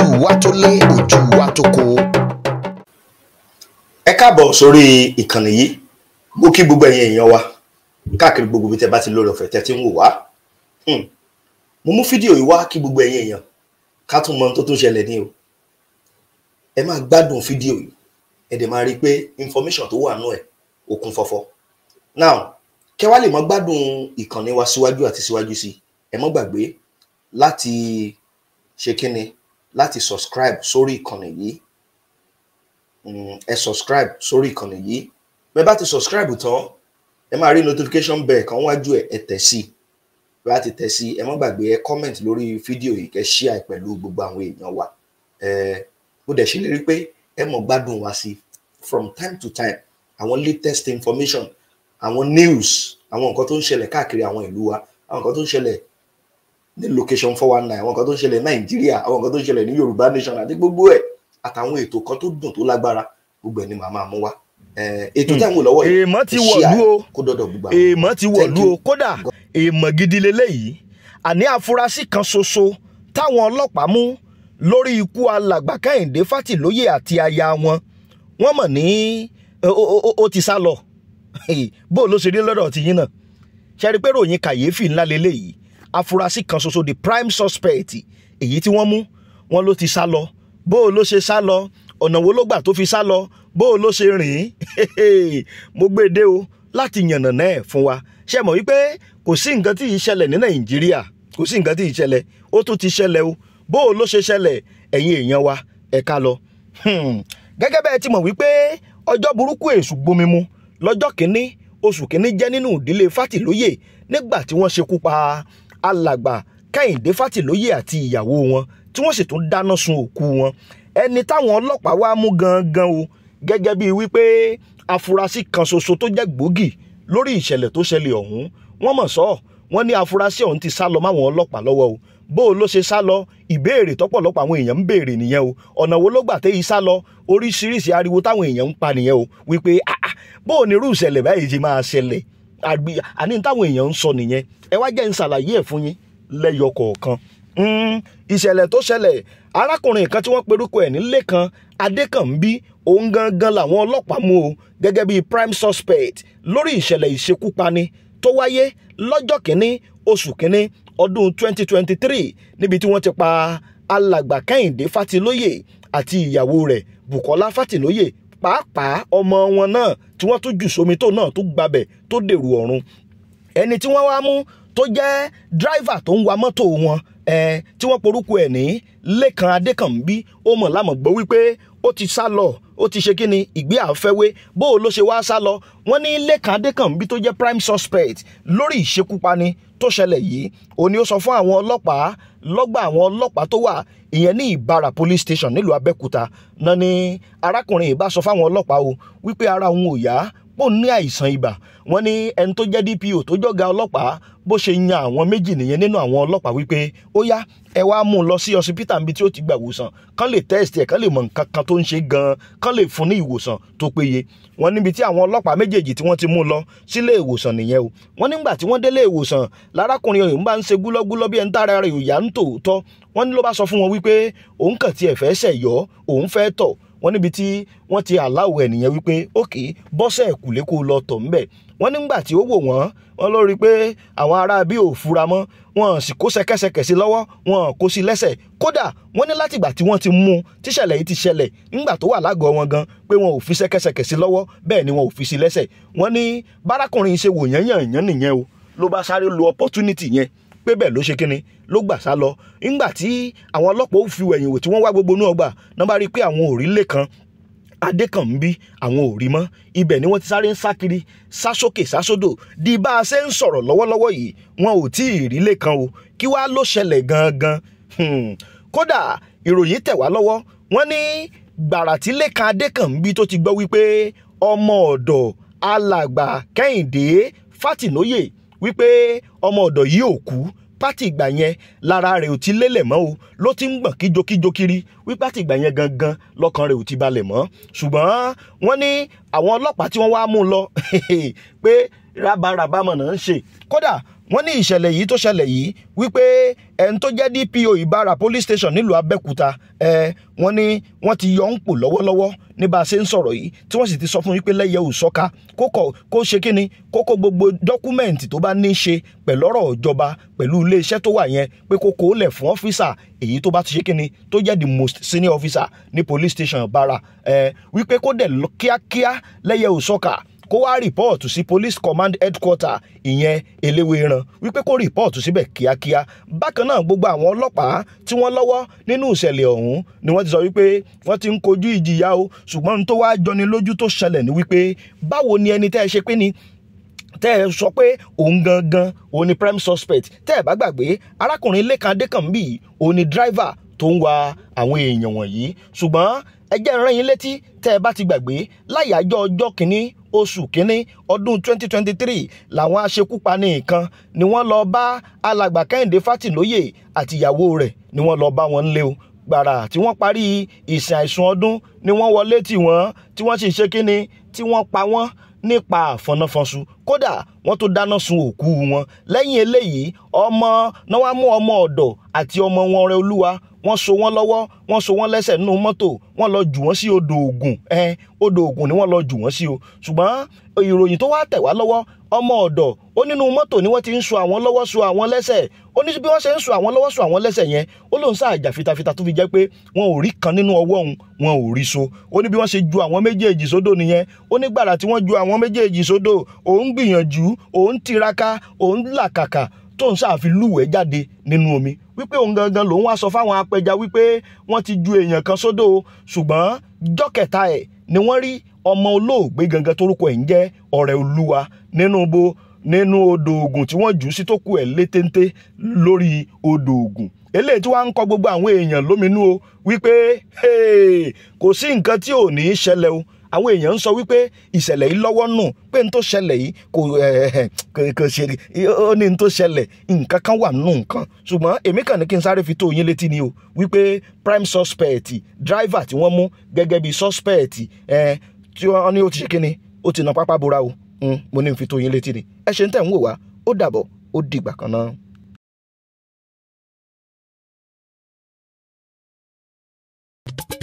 ojú wa tó lé ojú wa tó kó. ẹ káàbọ̀ sórí ìkànnì yìí mo kí gbogbo ẹ̀yin èèyàn wa káàkiri gbogbo bí tẹ bá ti lórí ọ̀fẹ́ tẹ ti ń wò wá hmm. mo mú fídíò yìí wá kí gbogbo ẹ̀yin èèyàn ká tún mọ tó tún ṣẹlẹ̀ ní o ẹ máa gbádùn fídíò yìí ẹ dẹ̀ máa rí i pé information tó wà nú ẹ̀ ó kún fọ́fọ́ now kẹ́ wá lè mọ gbádùn ìkànnì wa síwájú àti síwájú sí ẹ mọ́ gbàgbé láti ṣe kí ni láti subscribe sórí ìkànnì yìí mm, ẹ subscribe sórí ìkànnì yìí bẹ́ẹ̀ bá ti subscribe tán ẹ máa rí notification bell kan wájú ẹ ẹ tẹ̀ sí i bá ti tẹ̀ sí i ẹ má gbàgbé ẹ comment lórí fídíò yìí kẹ́ share pẹ̀lú gbogbo àwọn èèyàn wa ẹ mo dẹ̀ ṣèlérí pé ẹ mọ̀ gbádùn wa sí from time to time àwọn latest information àwọn news àwọn nǹkan tó ń ṣẹlẹ̀ káàkiri àwọn ìlú wa àwọn nǹkan tó ń ṣẹlẹ̀ ní location four one nine àwọn nǹkan tó ń ṣẹlẹ̀ nàìjíríà àwọn nǹkan tó ń ṣẹlẹ̀ ní yorùbá nation àti gbogbo ẹ̀ àtàwọn ètò kan tó dùn tó lágbára gbogbo ẹ̀ ni màá máa mú wá ètò táwọn hmm. olówó yìí èèmọ̀ ti wọ̀lú o kó dọ́dọ̀ gbogbo àwọn èèmọ̀ ti wọ̀lú o kódà èèmọ̀ gidi leléyìí àní afurasí kan ṣoṣo táwọn ọlọ́pàá mú lórí ikú alàgbà kẹ́hìndé fàtìlóyè àti aya wọn wọ́n mọ̀ ní ó ti sá lọ bó ló ṣe dé lọ́dọ̀ tìyín náà ṣe rí pé ròyìn kàyéfì ńlá leléyìí afurasí kan ṣoṣo the prime suspect èyí tí wọ́n mú wọn ló ti sá lọ bó o ló ṣe sá lọ ọ̀nà wo ló gbà tó fi sá lọ bó o ló ṣe rìn mo gbé e dé o láti yànnà náà fún wa ṣe mọ̀ wípé kò sí nǹkan tí ì ṣẹlẹ̀ ní nàìjíríà kò sí nǹkan tí ì ṣẹlẹ̀ ó tún ti ṣẹlẹ̀ o bó o ló ṣe ṣẹlẹ̀ ẹ̀yin èèyàn wa ẹ̀ka lọ. Hmm. gẹ́gẹ́ bẹ́ẹ̀ ti mọ̀ wípé ọjọ́ burúkú èṣù gbomi mu lọ́jọ́ kínní oṣù kínní jẹ́ nínú ìdílé fátìlóyè nígbà tí wọ́n ṣekú pa alàgbà kẹ́hìndé fàtìlóyè àti ìyàwó wọn tí wọ́n sì tún dáná sun òkú wọn ẹni táwọn ọlọ́pàá wá mú gangan o gẹ́gẹ́ bíi wípé afurasí kan ṣoṣo tó jẹ́ gbòógì lórí ìṣẹ̀lẹ̀ tó ṣẹlẹ̀ ọ̀hún wọ́n mọ̀ sọ́ wọ́n ní afurasí ọ̀hún ti sá lọ máwọn ọlọ́pàá lọ́wọ́ o bó o ló ṣe sá lọ ìbéèrè tọ́pọ̀lọpọ̀ àwọn èèyàn ń béèrè nìyẹn o ọ̀nà wo ló gbà téyí sá lọ oríṣiríṣi ariwo táwọn èèyàn ń pa nìyẹn o wípé ah ah bó o ní irú ìṣẹ̀lẹ̀ báyìí ṣe máa ṣẹlẹ̀ àgbì àní táwọn èèyàn ń sọ nìyẹn ẹ wá jẹ́ ń ṣàlàyé ẹ̀ fún yín lẹ́yọ kọ̀ọ̀kan hmm, ìṣẹ̀lẹ̀ tó ṣẹlẹ̀ arákùnrin kan tí wọ́n perúkọ ẹ̀ ní Lékan Adékànbí òun gangan làwọn ọlọ́pàá mú o gẹ́gẹ́ bíi prime suspect lórí ìṣẹ̀lẹ̀ ìṣekúpani tó wáyé lọ́jọ́ kínní oṣù kínní ọdún 2023 níbi tí wọ́n ti pa alàgbà Kẹ́hìndé Fátilóyè àti ìyàwó rẹ̀ Bùkọ́lá Fátilóyè pàápàá ọmọ wọn náà tí wọ́n tún jù sómi tó náà tó gbabẹ̀ tó dèrò ọ̀run ẹni tí wọ́n wá mú tó jẹ́ dráìvà tó ń wa mọ́tò wọn ẹ tí wọ́n porúkọ ẹ̀ ní Lékan Adékànbí ó mọ̀ lámọ̀gbọ́ wípé ó ti sá lọ ó ti ṣe kíni ìgbé àfẹ́wé bó ló ṣe wá sá lọ wọ́n ní Lékan Adékànbí tó jẹ́ prime suspect lórí ìṣekúpani tó ṣẹlẹ̀ yìí ó ní ó sọ fún àwọn ọlọ́pàá lọ́gbà àwọn ọlọ́pàá tó wà ìyẹn ní ìbára police station nílùú abẹ́òkúta náà ni arákùnrin ìbá sọ fáwọn ọlọ́pàá o wípé ara òun ò yá pò ní àìsàn ibà wọ́n ní ẹni tó jẹ́ DPO tó jọ̀gá ọlọ́pàá bó ṣe yan àwọn méjì nìyẹn nínú àwọn ọlọ́pàá wípé ó yá ẹ wá mú un lọ sí ọsibítà níbi tí ó ti gba ìwòsàn kán lè tẹ́ẹ̀sì ẹ̀ kán lè mọ nǹkan kan tó ń ṣe gan-an kán lè fún ní ìwòsàn tó péye wọ́n níbi tí àwọn ọlọ́pàá méjèèjì tí wọ́n ti mú un lọ sílé ìwòsàn nìyẹn o wọ́n nígbà tí wọ́n délé ìwòsàn lárákùnrin ọ̀hún bá ń ṣe gúlọ́gúlọ́ bí ẹni tára rẹ̀ yòòyà ń tòótọ́ wọ́n ní ló bá sọ fún wọn wípé òun kàn tiẹ̀ fẹ́ ṣẹ̀yọ́ òun fẹ́ tọ̀ wọ́n níbi tí wọ́n ti aláwọ̀ ẹ̀ nìyẹn wípé ok bọ́sẹ̀ ẹ̀kúlé kó lọ tọ̀ ńbẹ̀ wọ́n nígbà tí ó wò wọ́n wọ́n ló rí i pé àwọn ará bí ò fura mọ́ wọn sì kó ṣẹ̀kẹ̀ṣẹ̀kẹ̀ sí lọ́wọ́ wọn kó sí lẹ́sẹ̀ kódà wọ́n ní látìgbà tí wọ́n ti mú tíṣẹ̀lẹ̀ yìí ti ṣẹlẹ̀ nígbà tó wà lágọ̀ọ́ wọn gan pé wọn ò fi ṣẹ̀kẹ̀ṣẹ̀kẹ̀ sí lọ́wọ́ bẹ́ẹ̀ ni wọn ò fi sí lẹ́sẹ̀ wọ́n ní bárakùnrin ṣe wò yán nìyẹn o ló bá sáré lo opportunity yẹn pé bẹ́ẹ̀ ló ṣe kínni ló gbà sá lọ nígbà tí àwọn ọlọ́pàá ò fi wẹ̀yìn wò tí wọ́n wá gbogbo inú ọgbà náà bá rí i pé àwọn ò rí lé kan adékànbí àwọn ò rí mọ́ ibẹ̀ ni wọ́n ti sáré ń sá kiri sá sókè sá sódò di bá a ṣe ń sọ̀rọ̀ lọ́wọ́lọ́wọ́ yìí wọn ò tí ì rí lé kan o kí wàá ló ṣẹlẹ̀ gangan hmm. kódà ìròyìn tẹ̀ wá lọ́wọ́ wọ́n ní gbàrà tí lẹ́kan adékànbí tó ti gbọ́ wípé ọmọ ọ̀dọ̀ alàgbà kẹ́hìndé fátìnóyè wípé ọmọ ọ̀dọ̀ yìí ò kú pátì ìgbà yẹn lára rẹ̀ ò ti lélẹ̀ mọ́ o ló ti ń gbọ̀n kíjokíjo kiri wí pátì ìgbà yẹn gangan lọ́kàn rẹ̀ ò ti balẹ̀ mọ́ ṣùgbọ́n wọ́n ní àwọn ọlọ́pàá tí wọ́n wá mú un lọ pé rábaràbá mọ̀nà ń ṣe kódà wọ́n ní ìṣẹ̀lẹ̀ yìí tó ṣẹlẹ̀ yìí wípé ẹni tó jẹ́ DPO Ìbára police station nílùú Abẹ́òkúta ẹ wọ́n ní wọ́n ti yọ ń pò lọ́wọ́lọ́wọ́ ní bá a ṣe ń sọ̀rọ̀ yìí tí wọ́n sì ti sọ fún wípé lẹ́yẹ òsọ́ka kókò kó ṣe kí ni kókó gbogbo dọ́kúmẹ̀ǹtì tó bá ní í ṣe pẹ̀lú ìjọba pẹ̀lú iléeṣẹ́ tó wà yẹn pé kókó lẹ̀ fún ọ́fíìsà èyí tó bá ti ṣe kí ni tó jẹ́ the most senior officer ní police station Ìbára ẹ wípé kó dẹ̀ kíákíá lẹ́yẹ òsọ́ka kó wá rìpọ́ọ̀tù sí police command headquarter ìyẹn eléwéran wípé kó rìpọ́ọ̀tù síbẹ̀ kíákíá bákan náà gbogbo àwọn ọlọ́pàá tí wọ́n lọ́wọ́ nínú ìṣẹ̀lẹ̀ ọ̀hún ni wọ́n ti sọ wípé wọ́n ti ń kojú ìjìyà o ṣùgbọ́n tó wá jọni lójú tó ṣẹlẹ̀ ni wípé báwo ni ẹni tẹ́ ẹ ṣe pé ni tẹ́ ẹ sọ pé òun gangan òun ni prime suspect tẹ́ ẹ bá gbàgbé arákùnrin lẹ́kan adékànbí òun ni driver tó ń wa àwọn èèyàn wọ̀nyí ṣùgbọ́n ẹ jẹ́ rán yín létí tẹ́ ẹ bá ti gbàgbé láyàájọ́ ọjọ́ kìíní oṣù kínní ọdún 2023 làwọn aṣekúpani nǹkan ni wọ́n lọ bá alàgbà kẹ́hìndé fátìlóyè àtìyàwó rẹ̀ ni wọ́n lọ bá wọn lé o gbàrà tí wọ́n parí ìsìn àìsùn ọdún ni wọ́n wọlé tì tí wọ́n sì ṣe kínní tí wọ́n pa wọ́n nípa àfọnáfọ́nsu kódà wọ́n tó dáná sun òkú wọn lẹ́yìn eléyìí ọmọ náà wá mú ọmọ ọ̀dọ̀ àti ọmọ wọn rẹ olúwa wọ́n so wọ́n lọ́wọ́ wọ́n so wọ́n lẹ́sẹ̀ nínú mọ́tò wọ́n lọ jù wọ́n sí odò Ògùn ẹn odò Ògùn ni wọ́n lọ jù wọ́n sí o ṣùgbọ́n ìròyìn tó wá tẹ̀ wá lọ́wọ́ ọmọ ọ̀dọ̀ ó nínú mọ́tò ni wọ́n ti ń so àwọn lọ́wọ́ so àwọn lẹ́sẹ̀ ó ní bí wọ́n ṣe ń so àwọn lọ́wọ́ so àwọn lẹ́sẹ̀ yẹn ó lóun sáàjà fitafita tó fi jẹ́ pé wọn ò rí kan nínú ọwọ́ òun wọn ò rí so ó ní bí wọ́n ṣe ju àwọn méjèèjì sódò nìyẹn ó nígbàrà tí wọ́n ju àwọn méjèèjì sódò òun ń gbìyànjú òun tiraka òun làkàkà tó ń ṣáà fi lúwẹ̀ẹ́ jáde nínú omi wípé òun gangan lòun wá sọ fáwọn apẹja wípé wọ́n ti ju èèyàn kan sódò ṣùgbọ́n jọ́kẹta ẹ̀ ni wọ́n rí ọmọ olóògbé gangan torúkọ ẹ̀ ń jẹ́ ọ̀rẹ́ olúwa nínú bo nínú odò Ògùn tí wọ́n jù ú sí tó kù ẹ̀ létéńté lórí odò Ògùn eléyìí tí wàá ń kọ gbogbo àwọn èèyàn lóminú o wípé kò sí nǹkan tí ò ní í ṣẹlẹ̀ o àwọn èèyàn ń sọ wípé ìṣẹ̀lẹ̀ yìí lọ́wọ́ nù pé n tó ṣẹlẹ̀ yìí kò eh, kò ṣe ó ní n tó ṣẹlẹ̀ nǹkan kan wà nù nǹkan ṣùgbọ́n èmi kàn ní kí n sáré fi tó yín létí ni o wípé prime suspect driver tí wọ́n mú gẹ́gẹ́ bí suspect eh, tí wọ́n ní ó ti ṣe kíni ó ti na pápá bora o hmm, mo ní fi tó yín létí ni ẹ ṣe ń tẹ̀ ń wò wá ó dàbọ̀ ó dìgbà kan náà. you